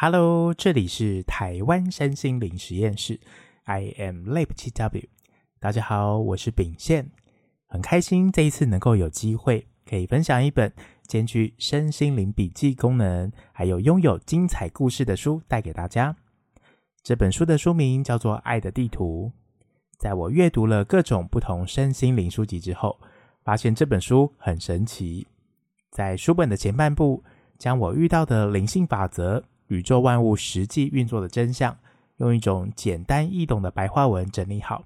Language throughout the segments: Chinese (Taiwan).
Hello，這裡是台灣身心靈實驗室。I am Lab TW。大家好，我是秉憲，很開心這一次能夠有機會可以分享一本兼具身心靈筆記功能，還有擁有精彩故事的書帶給大家。這本書的書名叫做《愛的地圖》。在我閱讀了各種不同身心靈書籍之後，發現這本書很神奇。在書本的前半部，將我遇到的靈性法則。宇宙萬物實際運作的真相，用一種簡單易懂的白話文整理好，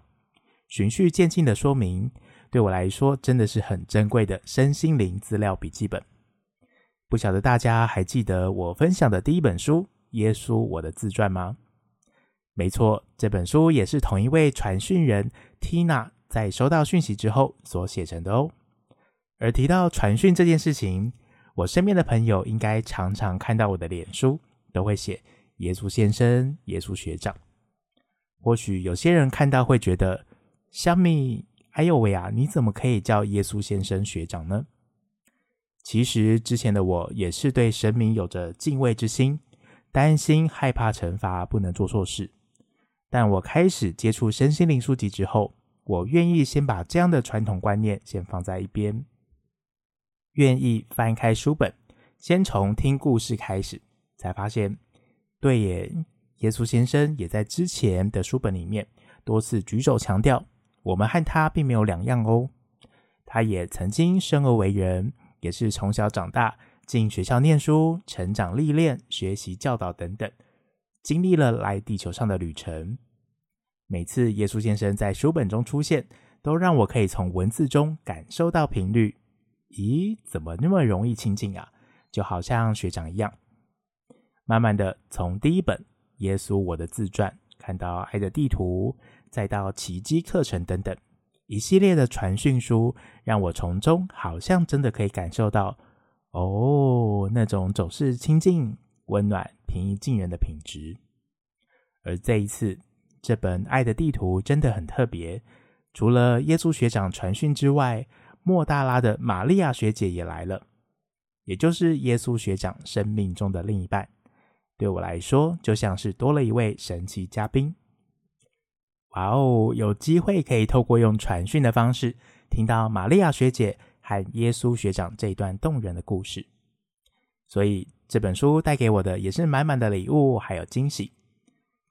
循序漸進的說明，對我來說真的是很珍貴的身心靈資料筆記本。不曉得大家還記得我分享的第一本書《耶穌我的自傳》嗎？沒錯，這本書也是同一位傳訊人 Tina 在收到訊息之後所寫成的哦。而提到傳訊這件事情，我身邊的朋友應該常常看到我的臉書。都會寫“耶穌先生”“耶穌學長”。或許有些人看到會覺得：“蝦米，哎呦喂啊，你怎麼可以叫耶穌先生、學長呢？”其實之前的我也是對神明有着敬畏之心，擔心、害怕懲罰，不能做錯事。但我開始接觸身心靈書籍之後，我願意先把這樣的傳統觀念先放在一邊，願意翻開書本，先從聽故事開始。才發現，對耶，耶穌先生也在之前的書本裡面多次舉手強調，我們和他並沒有兩樣哦。他也曾經生而為人，也是從小長大，進學校念書，成長歷練，學習教導等等，經歷了來地球上的旅程。每次耶穌先生在書本中出現，都讓我可以從文字中感受到頻率。咦，怎麼那麼容易親近啊？就好像學長一樣。慢慢的，從第一本《耶穌我的自傳》看到《愛的地圖》，再到《奇蹟課程》等等一系列的傳訊書，讓我從中好像真的可以感受到，哦，那種總是親近、溫暖、平易近人的品質。而這一次，這本《愛的地圖》真的很特別，除了耶穌學長傳訊之外，抹大拉的瑪利亞學姐也來了，也就是耶穌學長生命中的另一半。對我來說，就像是多了一位神奇嘉賓。哇哦，有機會可以透過用傳訊的方式，聽到瑪利亞學姐和耶穌學長這段動人的故事。所以這本書帶給我的也是滿滿的禮物，還有驚喜。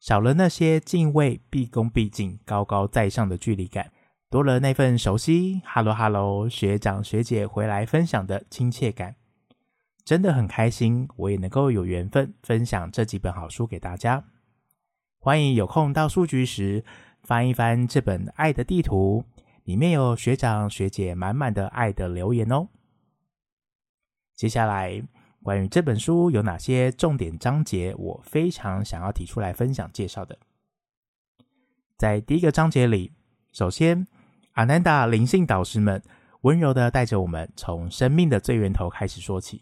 少了那些敬畏、畢恭畢敬、高高在上的距離感，多了那份熟悉“哈嘍哈嘍，學長學姐回來分享”的親切感。真的很開心，我也能夠有緣分分享這幾本好書給大家。歡迎有空到書局時翻一翻這本《愛的地圖》，裡面有學長學姐滿滿的愛的留言哦。接下來，關於這本書有哪些重點章節，我非常想要提出來分享介紹的。在第一個章節裡，首先，阿南達靈性導師們溫柔的帶着我們從生命的最源頭開始說起。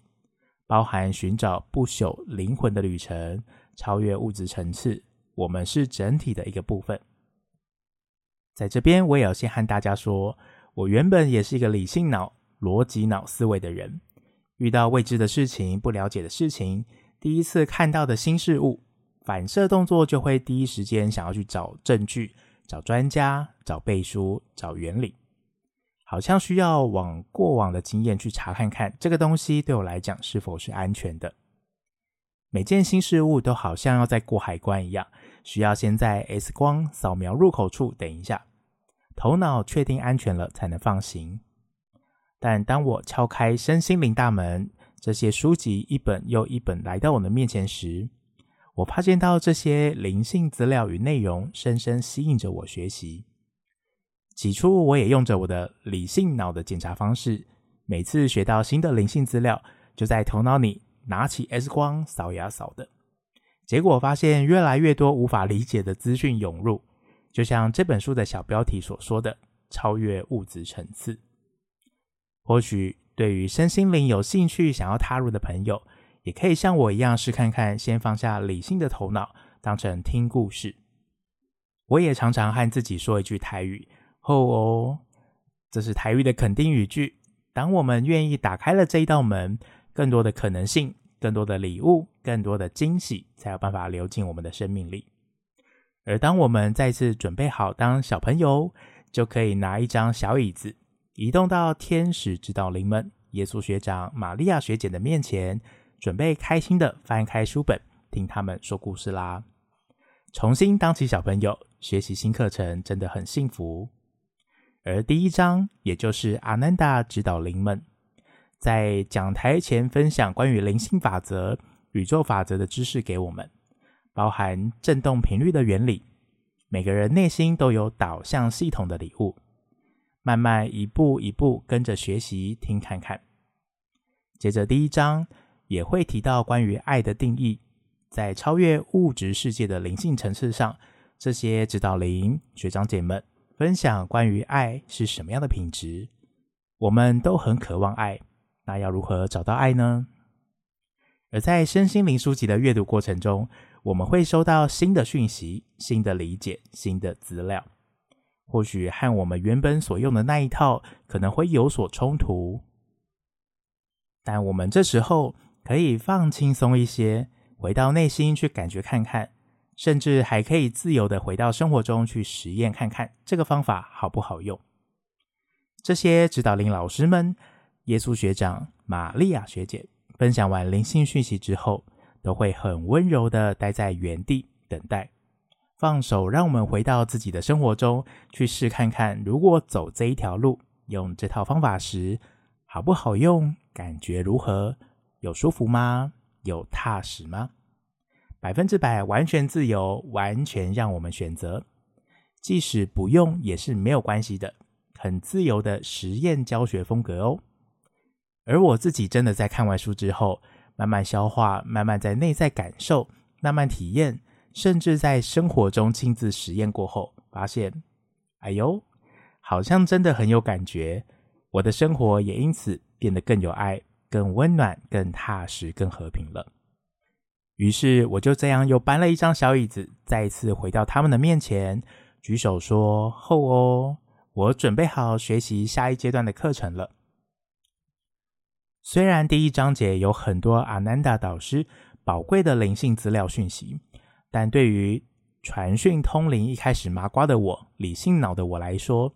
包含尋找不朽靈魂的旅程，超越物質層次。我們是整體的一個部分。在這邊，我也要先和大家說，我原本也是一個理性腦、邏輯腦思維的人。遇到未知的事情、不了解的事情、第一次看到的新事物，反射動作就會第一時間想要去找證據、找專家、找背書、找原理。好像需要往過往的經驗去查看看，這個東西對我來講是否是安全的。每件新事物都好像要再過海關一樣，需要先在 X 光掃描入口處等一下，頭腦確定安全了才能放行。但當我敲開身心靈大門，這些書籍一本又一本來到我的面前時，我發現到這些靈性資料與內容深深吸引着我學習。起初我也用着我的理性腦的檢查方式，每次學到新的靈性資料，就在頭腦裡拿起 X 光掃呀掃的，結果發現越來越多無法理解的資訊湧入，就像這本書的小標題所說的“超越物質層次”。或許對於身心靈有興趣、想要踏入的朋友，也可以像我一樣試看看，先放下理性的頭腦，當成聽故事。我也常常和自己說一句台語。哦，oh, oh. 這是台語的肯定語句。當我們願意打開了這一道門，更多的可能性、更多的禮物、更多的驚喜，才有辦法流進我們的生命裡。而當我們再次準備好當小朋友，就可以拿一張小椅子，移動到天使指導靈們、耶穌學長、瑪利亞學姐的面前，準備開心的翻開書本，聽他們說故事啦。重新當起小朋友，學習新課程，真的很幸福。而第一章，也就是阿南達指導靈們，在講台前分享關於靈性法則、宇宙法則的知識給我們，包含振動頻率的原理。每個人內心都有導向系統的禮物，慢慢一步一步跟着學習聽看看。接着第一章也會提到關於愛的定義，在超越物質世界的靈性層次上，這些指導靈學長姐們。分享關於愛是什麼樣的品質，我們都很渴望愛，那要如何找到愛呢？而在身心靈書籍的閱讀過程中，我們會收到新的訊息、新的理解、新的資料，或許和我們原本所用的那一套可能會有所衝突，但我們這時候可以放輕鬆一些，回到內心去感覺看看。甚至還可以自由的回到生活中去實驗看看這個方法好不好用。這些指導靈老師們、耶穌學長、瑪利亞學姐分享完靈性訊息之後，都會很溫柔的待在原地等待，放手讓我們回到自己的生活中去試看看，如果走這一條路，用這套方法時好不好用，感覺如何，有舒服嗎？有踏實嗎？百分之百完全自由，完全讓我們選擇，即使不用也是沒有關係的，很自由的實驗教學風格哦。而我自己真的在看完書之後，慢慢消化，慢慢在內在感受，慢慢體驗，甚至在生活中親自實驗過後，發現，哎呦，好像真的很有感覺，我的生活也因此變得更有愛、更溫暖、更踏實、更和平了。於是我就這樣又搬了一張小椅子，再一次回到他們的面前，舉手說：“後哦，我準備好學習下一階段的課程了。”雖然第一章節有很多阿南達導師寶貴的靈性資料訊息，但對於傳訊通靈一開始麻瓜的我、理性腦的我來說，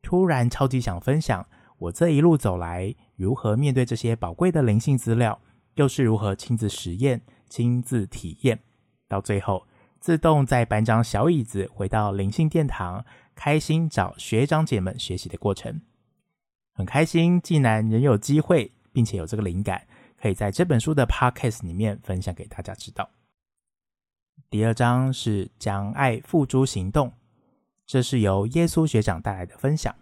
突然超級想分享我這一路走來如何面對這些寶貴的靈性資料，又是如何親自實驗。親自體驗，到最後自動再搬張小椅子回到靈性殿堂，開心找學長姐們學習的過程，很開心，既然仍有機會，並且有這個靈感，可以在這本書的 podcast 裡面分享給大家知道。第二章是將愛付諸行動，這是由耶穌學長帶來的分享。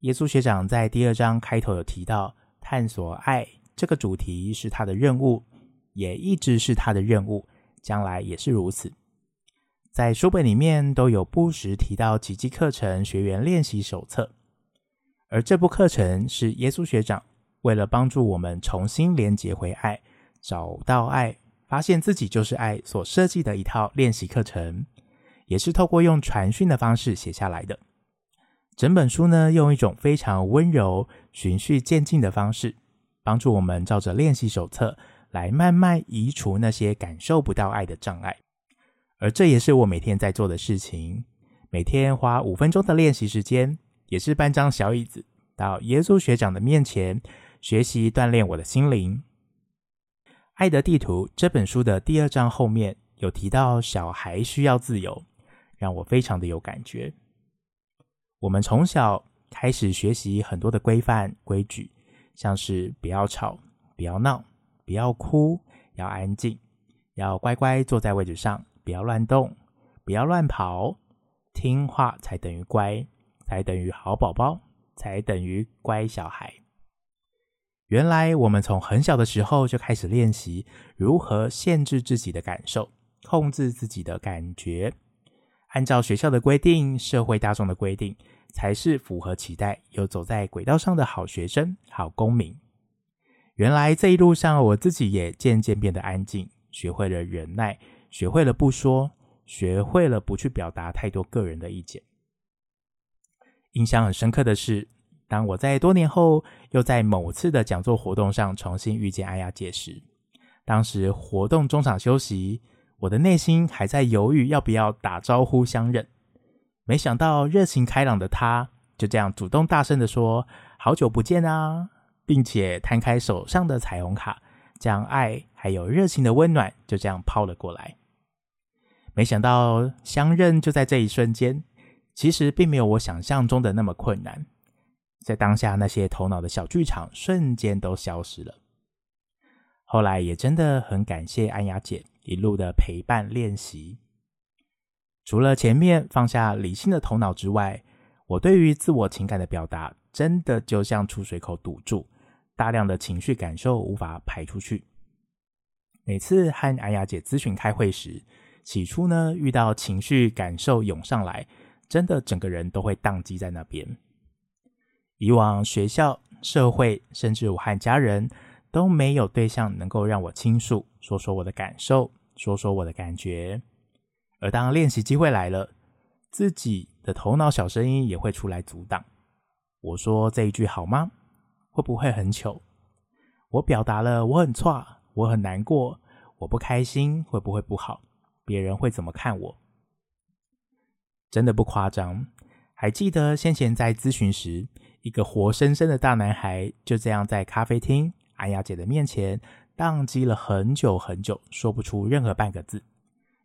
耶穌學長在第二章開頭有提到，探索愛這個主題是他的任務。也一直是他的任務，將來也是如此。在書本裡面都有不時提到奇蹟課程學員練習手冊，而這部課程是耶穌學長為了幫助我們重新連接回愛、找到愛、發現自己就是愛所設計的一套練習課程，也是透過用傳訊的方式寫下來的。整本書呢，用一種非常溫柔、循序漸進的方式，幫助我們照着練習手冊。來慢慢移除那些感受不到愛的障礙，而這也是我每天在做的事情。每天花五分鐘的練習時間，也是搬張小椅子到耶穌學長的面前，學習鍛鍊我的心靈。《愛的地圖》這本書的第二章後面有提到，小孩需要自由，讓我非常的有感覺。我們從小開始學習很多的規範規矩，像是不要吵，不要鬧。不要哭，要安靜，要乖乖坐在位置上，不要亂動，不要亂跑，聽話才等於乖，才等於好寶寶，才等於乖小孩。原來我們從很小的時候就開始練習如何限制自己的感受，控制自己的感覺，按照學校的規定、社會大眾的規定，才是符合期待、又走在軌道上的好學生、好公民。原來這一路上，我自己也漸漸變得安靜，學會了忍耐，學會了不說，學會了不去表達太多個人的意見。印象很深刻的是，當我在多年後又在某次的講座活動上重新遇見艾亞姐時，當時活動中場休息，我的內心還在猶豫要不要打招呼相認，沒想到熱情開朗的她，就這樣主動大聲的說：“好久不見啊！”並且攤開手上的彩虹卡，將愛還有熱情的溫暖就這樣拋了過來。沒想到相認就在這一瞬間，其實並沒有我想象中的那麼困難。在當下，那些頭腦的小劇場瞬間都消失了。後來也真的很感謝安雅姐一路的陪伴練習。除了前面放下理性的頭腦之外，我對於自我情感的表達，真的就像出水口堵住。大量的情緒感受無法排出去。每次和艾雅姐諮詢、開會時，起初呢，遇到情緒感受湧上來，真的整個人都會當機在那邊。以往學校、社會，甚至我和家人都沒有對象能夠讓我傾訴，說說我的感受，說說我的感覺。而當練習機會來了，自己的頭腦小聲音也會出來阻擋。我說這一句好嗎？會不會很糗？我表達了我很差，我很難過，我不開心，會不會不好？別人會怎麼看我？真的不誇張。還記得先前在諮詢時，一個活生生的大男孩就這樣在咖啡廳安雅姐的面前，當機了很久很久，說不出任何半個字，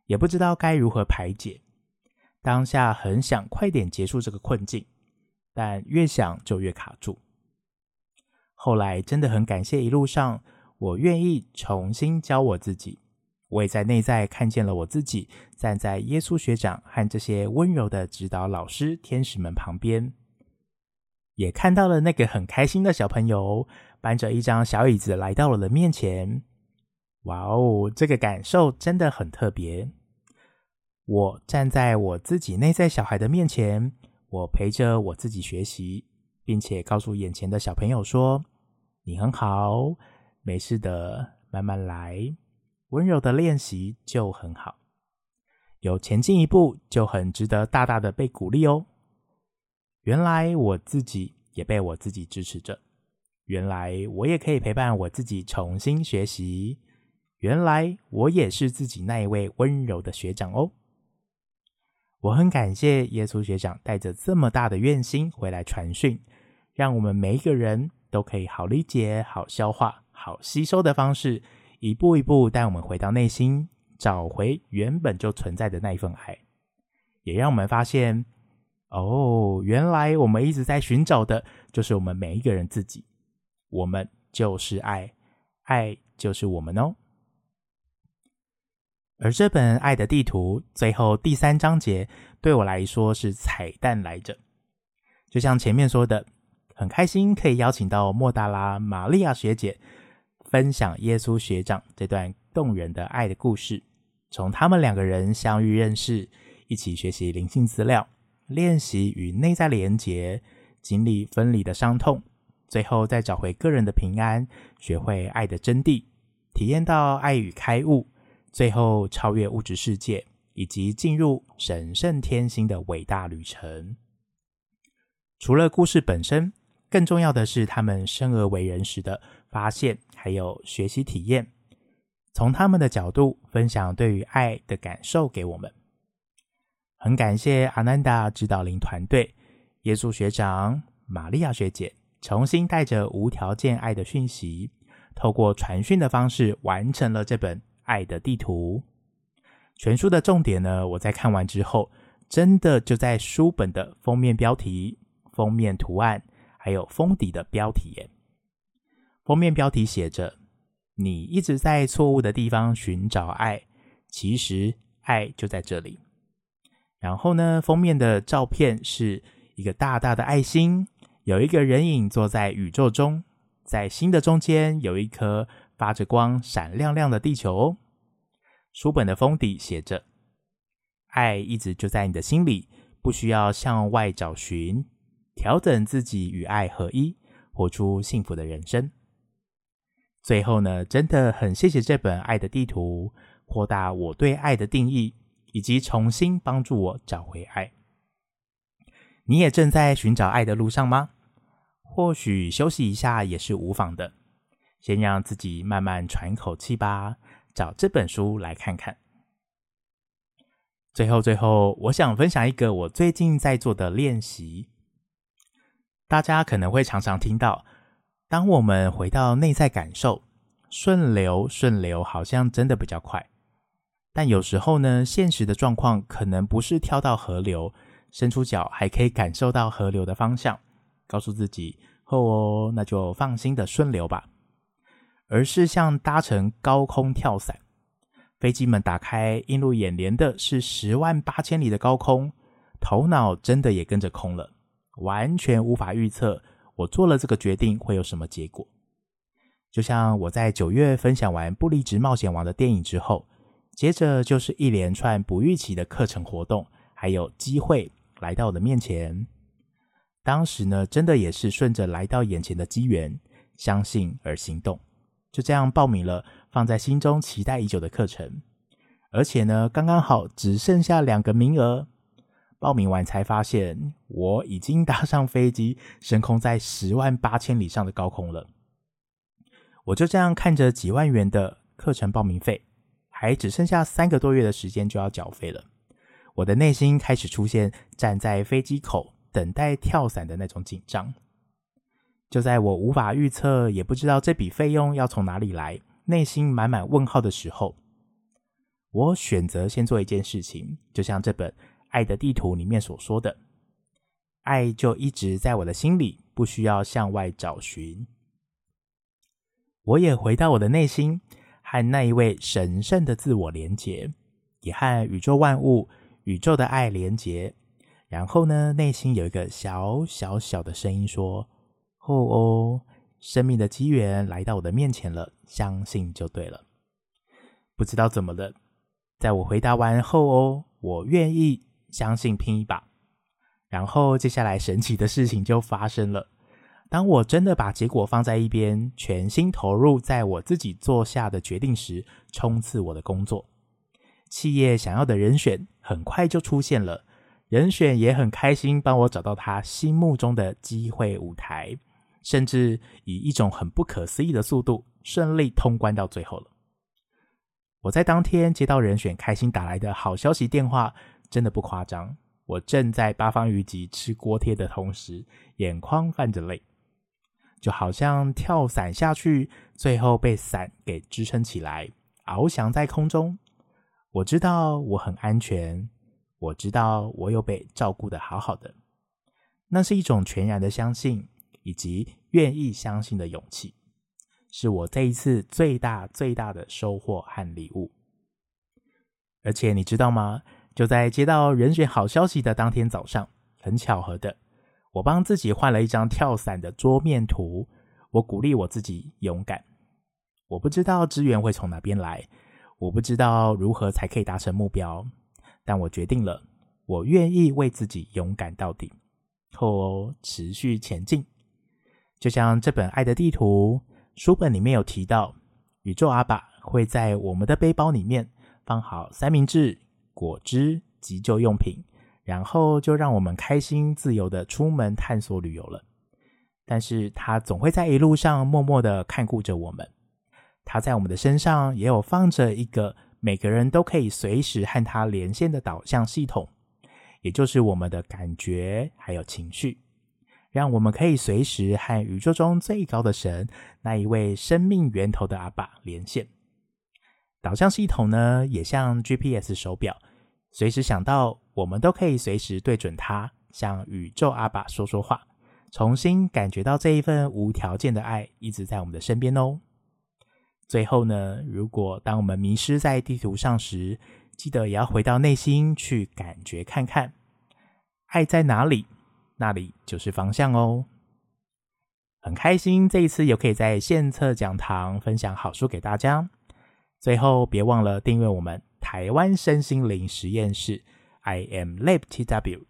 也不知道該如何排解。當下很想快點結束這個困境，但越想就越卡住。後來真的很感謝，一路上我願意重新教我自己，我也在內在看見了我自己，站在耶穌學長和這些溫柔的指導老師、天使們旁邊，也看到了那個很開心的小朋友搬着一張小椅子來到我的面前。哇哦，這個感受真的很特別。我站在我自己內在小孩的面前，我陪着我自己學習，並且告訴眼前的小朋友說。你很好，沒事的，慢慢來，溫柔的練習就很好。有前進一步就很值得大大的被鼓勵哦。原來我自己也被我自己支持着，原來我也可以陪伴我自己重新學習，原來我也是自己那一位溫柔的學長哦。我很感謝耶穌學長帶着這麼大的願心回來傳訊，讓我們每一個人。都可以好理解、好消化、好吸收的方式，一步一步帶我們回到內心，找回原本就存在的那一份愛，也讓我們發現哦，原來我們一直在尋找的，就是我們每一個人自己，我們就是愛，愛就是我們哦。而這本《愛的地圖》最後第三章節，對我來說是彩蛋來着，就像前面說的。很開心可以邀請到莫大拉瑪利亞學姐分享耶穌學長這段動人的愛的故事，從他們兩個人相遇認識，一起學習靈性資料、練習與內在連結，經歷分離的傷痛，最後再找回個人的平安，學會愛的真諦，體驗到愛與開悟，最後超越物質世界，以及進入神聖天心的偉大旅程。除了故事本身，更重要的是，他們生而為人時的發現，還有學習體驗，從他們的角度分享對於愛的感受給我們。很感謝阿南達指導靈團隊，耶穌學長、瑪利亞學姐重新帶着無條件愛的訊息，透過傳訊的方式完成了這本《愛的地圖》。全書的重點呢，我在看完之後，真的就在書本的封面標題、封面圖案。還有封底的標題耶。封面標題寫着：“你一直在錯誤的地方尋找愛，其實愛就在這裡。”然後呢，封面的照片是一個大大的愛心，有一個人影坐在宇宙中，在心的中間有一顆發着光、閃亮亮的地球哦。書本的封底寫着：“愛一直就在你的心裡，不需要向外找尋。”調整自己與愛合一，活出幸福的人生。最後呢，真的很謝謝這本《愛的地圖》，擴大我對愛的定義，以及重新幫助我找回愛。你也正在尋找愛的路上嗎？或許休息一下也是無妨的，先讓自己慢慢喘一口氣吧。找這本書來看看。最後，最後，我想分享一個我最近在做的練習。大家可能會常常聽到，當我們回到內在感受，順流順流好像真的比較快，但有時候呢，現實的狀況可能不是跳到河流，伸出腳還可以感受到河流的方向，告訴自己後哦，哦，那就放心的順流吧，而是像搭乘高空跳傘，飛機門打開，映入眼簾的是十萬八千里的高空，頭腦真的也跟着空了。完全無法預測，我做了這個決定會有什麼結果。就像我在九月分享完《不離職冒險王》的電影之後，接着就是一連串不預期的課程活動，還有機會來到我的面前。當時呢，真的也是順着來到眼前的機緣，相信而行動，就這樣報名了放在心中期待已久的課程，而且呢，剛剛好只剩下兩個名額。報名完才發現，我已經搭上飛機，升空在十萬八千里上的高空了。我就這樣看着幾萬元的課程報名費，還只剩下三個多月的時間就要繳費了。我的內心開始出現站在飛機口等待跳傘的那種緊張。就在我無法預測，也不知道這筆費用要從哪裡來，內心滿滿問號的時候，我選擇先做一件事情，就像這本。《愛的地圖》裡面所說的，愛就一直在我的心裡，不需要向外找尋。我也回到我的內心，和那一位神聖的自我連結，也和宇宙萬物、宇宙的愛連結。然後呢，內心有一個小小小的聲音說：“後哦，生命的機緣來到我的面前了，相信就對了。”不知道怎麼了，在我回答完後哦，我願意。相信拼一把，然後接下來神奇的事情就發生了。當我真的把結果放在一邊，全心投入在我自己做下的決定時，衝刺我的工作，企業想要的人選很快就出現了，人選也很開心幫我找到他心目中的機會舞台，甚至以一種很不可思議的速度順利通關到最後了。我在當天接到人選開心打來的好消息電話。真的不誇張，我正在八方雲集吃鍋貼的同時，眼眶泛着淚，就好像跳傘下去，最後被傘給支撐起來，翱翔在空中。我知道我很安全，我知道我又被照顧得好好的。那是一種全然的相信，以及願意相信的勇氣，是我這一次最大最大的收穫和禮物。而且你知道嗎？就在接到人選好消息的當天早上，很巧合的，我幫自己換了一張跳傘的桌面圖。我鼓勵我自己勇敢。我不知道資源會從哪邊來，我不知道如何才可以達成目標，但我決定了，我願意為自己勇敢到底，或持續前進。就像這本《愛的地圖》書本裡面有提到，宇宙阿爸會在我們的背包裡面放好三明治。果汁、急救用品，然後就讓我們開心自由的出門探索旅遊了。但是，他總會在一路上默默的看顧着我們。他在我們的身上也有放着一個每個人都可以隨時和他連線的導向系統，也就是我們的感覺還有情緒，讓我們可以隨時和宇宙中最高的神，那一位生命源頭的阿爸連線。導向系統呢，也像 GPS 手錶，隨時想到我們都可以隨時對準它，向宇宙阿爸說說話，重新感覺到這一份無條件的愛一直在我們的身邊哦。最後呢，如果當我們迷失在地圖上時，記得也要回到內心去感覺看看，愛在哪裡，那裡就是方向哦。很開心這一次也可以在憲冊講堂分享好書給大家。最後，別忘了訂閱我們台灣身心靈實驗室，I am Lab TW，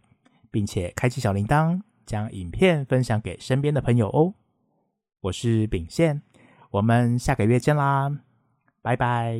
並且開啟小鈴鐺，將影片分享給身邊的朋友哦。我是秉憲，我們下個月見啦，拜拜。